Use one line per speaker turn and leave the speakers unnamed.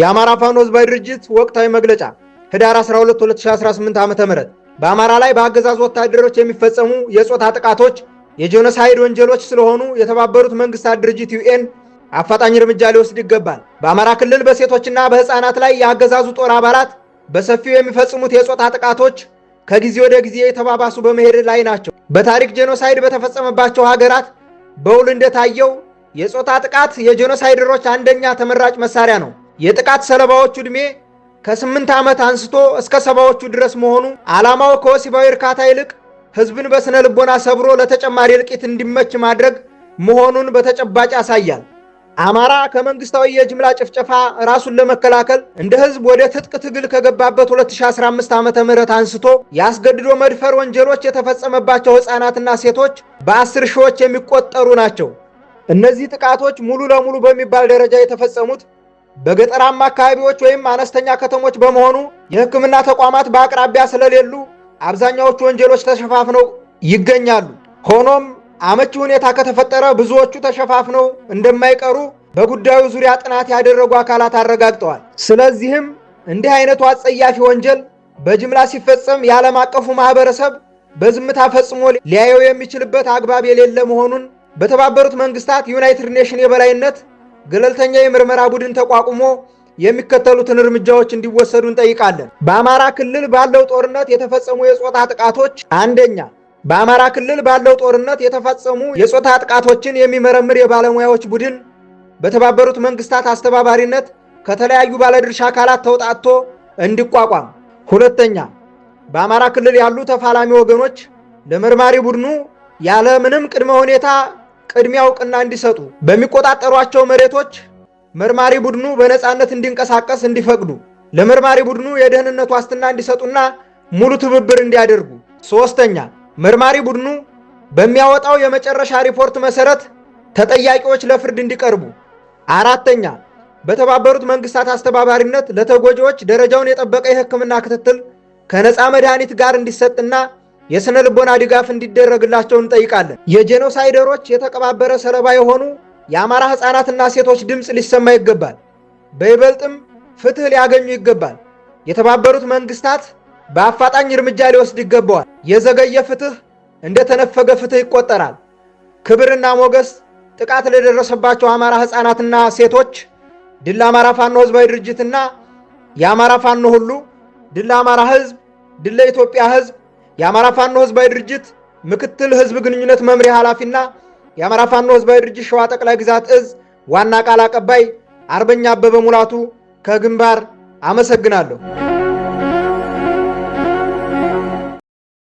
የአማራ ፋኖ ህዝባዊ ድርጅት ወቅታዊ መግለጫ ህዳር 12 2018 ዓ.ም በአማራ ላይ በአገዛዙ ወታደሮች የሚፈጸሙ የጾታ ጥቃቶች የጄኖሳይድ ወንጀሎች ስለሆኑ የተባበሩት መንግስታት ድርጅት ዩኤን አፋጣኝ እርምጃ ሊወስድ ይገባል። በአማራ ክልል በሴቶችና በህፃናት ላይ የአገዛዙ ጦር አባላት በሰፊው የሚፈጽሙት የጾታ ጥቃቶች ከጊዜ ወደ ጊዜ የተባባሱ በመሄድ ላይ ናቸው። በታሪክ ጄኖሳይድ በተፈጸመባቸው ሀገራት በውል እንደታየው የጾታ ጥቃት የጄኖሳይደሮች አንደኛ ተመራጭ መሳሪያ ነው። የጥቃት ሰለባዎቹ ዕድሜ ከስምንት ዓመት አንስቶ እስከ ሰባዎቹ ድረስ መሆኑ ዓላማው ከወሲባዊ እርካታ ይልቅ ሕዝብን በሥነ ልቦና ሰብሮ ለተጨማሪ እልቂት እንዲመች ማድረግ መሆኑን በተጨባጭ ያሳያል። አማራ ከመንግስታዊ የጅምላ ጭፍጨፋ ራሱን ለመከላከል እንደ ህዝብ ወደ ትጥቅ ትግል ከገባበት 2015 ም አንስቶ የአስገድዶ መድፈር ወንጀሎች የተፈጸመባቸው ሕፃናትና ሴቶች በአስር ሺዎች የሚቆጠሩ ናቸው። እነዚህ ጥቃቶች ሙሉ ለሙሉ በሚባል ደረጃ የተፈጸሙት በገጠራማ አካባቢዎች ወይም አነስተኛ ከተሞች በመሆኑ የሕክምና ተቋማት በአቅራቢያ ስለሌሉ አብዛኛዎቹ ወንጀሎች ተሸፋፍነው ይገኛሉ። ሆኖም አመቺ ሁኔታ ከተፈጠረ ብዙዎቹ ተሸፋፍነው እንደማይቀሩ በጉዳዩ ዙሪያ ጥናት ያደረጉ አካላት አረጋግጠዋል። ስለዚህም እንዲህ አይነቱ አጸያፊ ወንጀል በጅምላ ሲፈጸም የዓለም አቀፉ ማህበረሰብ በዝምታ ፈጽሞ ሊያየው የሚችልበት አግባብ የሌለ መሆኑን በተባበሩት መንግስታት ዩናይትድ ኔሽን የበላይነት ገለልተኛ የምርመራ ቡድን ተቋቁሞ የሚከተሉትን እርምጃዎች እንዲወሰዱ እንጠይቃለን። በአማራ ክልል ባለው ጦርነት የተፈጸሙ የጾታ ጥቃቶች፣ አንደኛ በአማራ ክልል ባለው ጦርነት የተፈጸሙ የጾታ ጥቃቶችን የሚመረምር የባለሙያዎች ቡድን በተባበሩት መንግስታት አስተባባሪነት ከተለያዩ ባለድርሻ አካላት ተውጣጥቶ እንዲቋቋም። ሁለተኛ በአማራ ክልል ያሉ ተፋላሚ ወገኖች ለመርማሪ ቡድኑ ያለ ምንም ቅድመ ሁኔታ ቅድሚያ እውቅና እንዲሰጡ፣ በሚቆጣጠሯቸው መሬቶች መርማሪ ቡድኑ በነፃነት እንዲንቀሳቀስ እንዲፈቅዱ፣ ለመርማሪ ቡድኑ የደህንነት ዋስትና እንዲሰጡና ሙሉ ትብብር እንዲያደርጉ። ሶስተኛ መርማሪ ቡድኑ በሚያወጣው የመጨረሻ ሪፖርት መሰረት ተጠያቂዎች ለፍርድ እንዲቀርቡ። አራተኛ በተባበሩት መንግስታት አስተባባሪነት ለተጎጂዎች ደረጃውን የጠበቀ የሕክምና ክትትል ከነፃ መድኃኒት ጋር እንዲሰጥና የስነ ልቦና ድጋፍ እንዲደረግላቸው እንጠይቃለን። የጄኖሳይደሮች የተቀባበረ ሰለባ የሆኑ የአማራ ሕፃናትና ሴቶች ድምፅ ሊሰማ ይገባል። በይበልጥም ፍትህ ሊያገኙ ይገባል። የተባበሩት መንግስታት በአፋጣኝ እርምጃ ሊወስድ ይገባዋል። የዘገየ ፍትህ እንደተነፈገ ፍትህ ይቆጠራል። ክብርና ሞገስ ጥቃት ለደረሰባቸው አማራ ሕፃናትና ሴቶች ድል አማራ ፋኖ ህዝባዊ ድርጅትና የአማራ ፋኖ ሁሉ ድል አማራ ህዝብ፣ ድል ለኢትዮጵያ ህዝብ የአማራ ፋኖ ህዝባዊ ድርጅት ምክትል ህዝብ ግንኙነት መምሪያ ኃላፊና የአማራ ፋኖ ህዝባዊ ድርጅት ሸዋ ጠቅላይ ግዛት እዝ ዋና ቃል አቀባይ አርበኛ አበበ ሙላቱ ከግንባር አመሰግናለሁ።